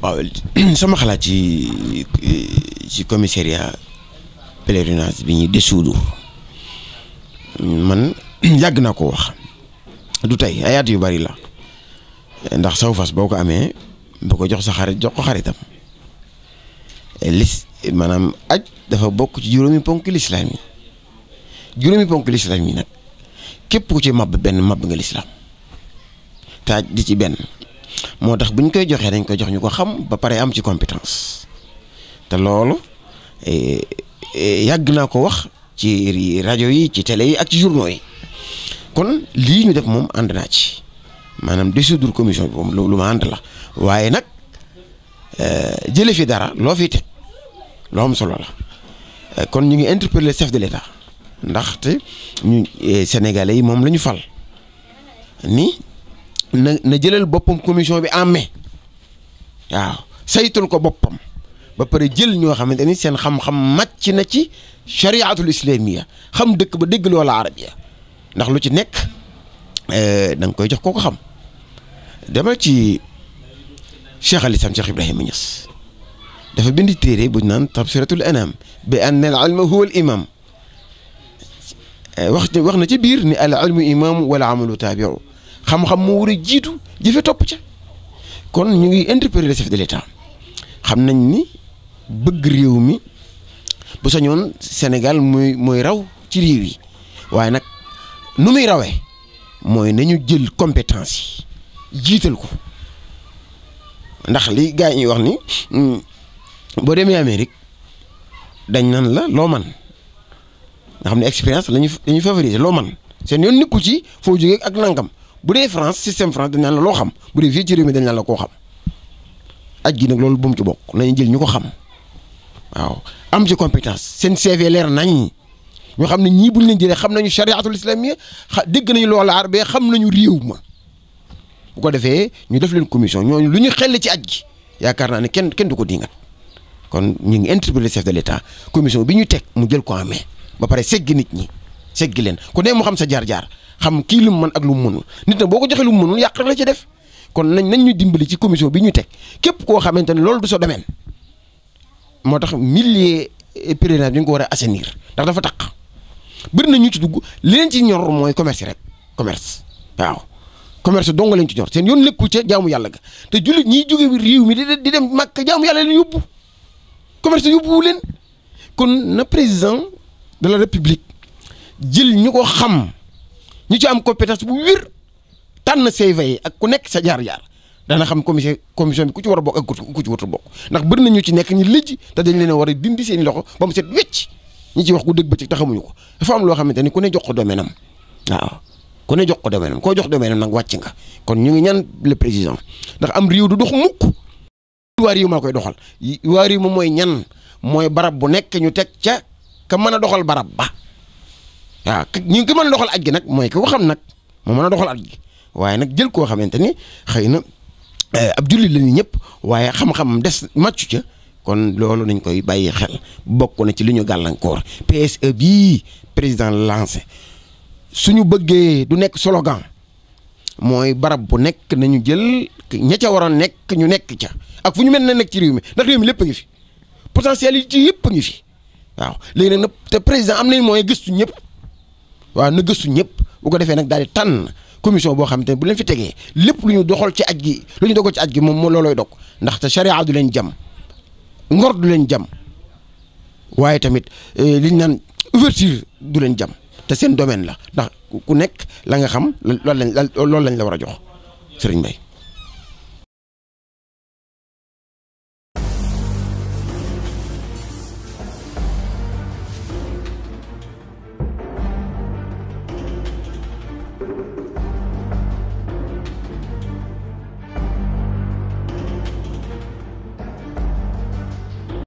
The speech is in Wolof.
waaw sama xalaat ci ci commissariat pèlerinage bi ñuy desuudu man yàgg naa ko wax du tey ayaat yu bari la ndax saw fas boo ko amee bu ko jox sa xarit jox ko xaritam lis maanaam aj dafa bokk ci juróomi ponk lislaam yi juróomi ponk lislaam yi nag képp ku ci màbb benn màbb nga lislaam taaj di ci benn moo tax bu ñu koy joxee dañ koy jox ñu ko xam ba pare am ci compétence te loolu eh, eh, yàgg naa ko wax ci rajo yi ci tele yi ak ci journaux yi kon lii ñu def moom ànd naa ci maanaam dissoudre commission bi moom lu ma ànd la waaye nag eh, jële fi dara loo fi teg loo am solo la kon ñu ngi interpeller chef de l'État ndaxte ñu sénégalais yi moom la fal ni na na jëlal boppam commission bi en mai waaw saytul ko boppam ba pare jël ñoo xamante ni seen xam-xam màcc na ci chariatul islamiya xam dëkk ba dégg loola arabiya ndax lu ci nekk eh, da koy jox koo ko xam demal ci cheikh al islam cheikh Ibrahima dafa bindi téere bu ñu naan tabsiratul anam bi anna al ilma huwa al eh, wax wax na ci biir ni al ilmu imam wal amalu taabiu xam-xam moo war a jiitu jëfe topp ca kon ñu ngi interpeller le chef de l'État xam nañ ni bëgg réew mi bu sañoon Sénégal muy mooy raw ci réew yi waaye nag nu muy rawee mooy nañu jël compétence yi jiital ko ndax li gaa ñuy wax ni hmm, boo demee Amérique dañ nan la loo man nga xam ne expérience lañu favoriser loo man seen yoon nikku ci foo jógee ak nangam bu dee France système France dañ naan la loo xam bu dee fii ci réew mi dañ a la koo xam aj gi nag loolu bu mu ci bokk nañu jël ñu ko xam waaw am ci compétence seen CV leer nañ ñoo xam ne ñii buñ leen jëlee xam nañu chariatul islamiyya xa dégg nañu loolu arbee xam nañu réew ma bu ko defee ñu def leen commission ñooñu lu ñu xel ci aj gi yaakaar naa ne kenn kenn du ko dingat kon ñu ngi interpellé chef de l'État commission bi ñu teg mu jël ko amee ba pare seggi nit ñi seggi leen ku ne mu xam sa jaar-jaar xam kii lu mu mën ak lu mu mënul nit nag boo ko joxee lu mu mënul yàq rek la ci def kon nañ nañ ñu dimbali ci commission bi ñu teg képp koo xamante ne loolu du sa domaine moo tax milliers pèlerinages bi ñu ko war a assainir dafa taq bëri na ñu ci dugg li leen ci ñor mooy commerce rek commerce waaw commerce dong lañ ci ñor seen yoon nekkul ca jaamu yàlla ga te jullit ñiy jóge réew mi di dem màkk jaamu yàlla leen yóbbu commerce yóbbuwu leen kon na président de la république jël ñu ko xam. ñu ci am compétence bu wér tànn CV yi ak ku nekk sa jaar-jaar dana xam commission commission bi ku ci war a bokk ak ku ci warut bokk ndax bëri na ñu ci nekk ñu lëj te dañ leen war a dindi seen i loxo ba mu set wecc ñi ci wax ku dëgg bëccëg te xamuñu ko dafa am loo xamante ni ku ne jox ko domaine am waaw ku ne jox ko domaine am koo jox domaine am nag wàcc nga kon ñu ngi ñan le président ndax am réew du dox mukk waa réew maa koy doxal waar yi moom mooy ñan mooy barab bu nekk ñu teg ca ka mën a doxal barab ba waaw ñu ko mën a doxal aj gi nag mooy ki xam nag moo mën a doxal aj gi waaye nag jël koo xamante ni xëy na eh, ab jullit la ñu ñëpp waaye xam-xamam des ca kon loolu nañ koy bàyyi xel bokk na ci li ñu gàllankoor PSE président lancé suñu bëggee du nekk slogan mooy barab bu nekk nañu jël ña ca waroon nekk ñu nekk ca ak fu ñu mel na nekk ci réew mi ndax réew mi lépp a ngi fi potentiel yi ci ngi fi waaw léegi nag te président am nañ mooy gëstu ñëpp. waaw na gëstu ñëpp bu ko defee nag daal di tànn commission boo xam te ne bu leen fi tegee lépp lu ñu doxal ci aj gi lu ñu dogal ci aj gi moom moo loolooy dog ndaxte charia du leen jam ngor du leen jam waaye tamit euh, liñ naan ouverture du leen jam te seen domaine la ndax ku nekk la nga xam loolu lañ loolu lañ la war a jox sëriñ Mbaye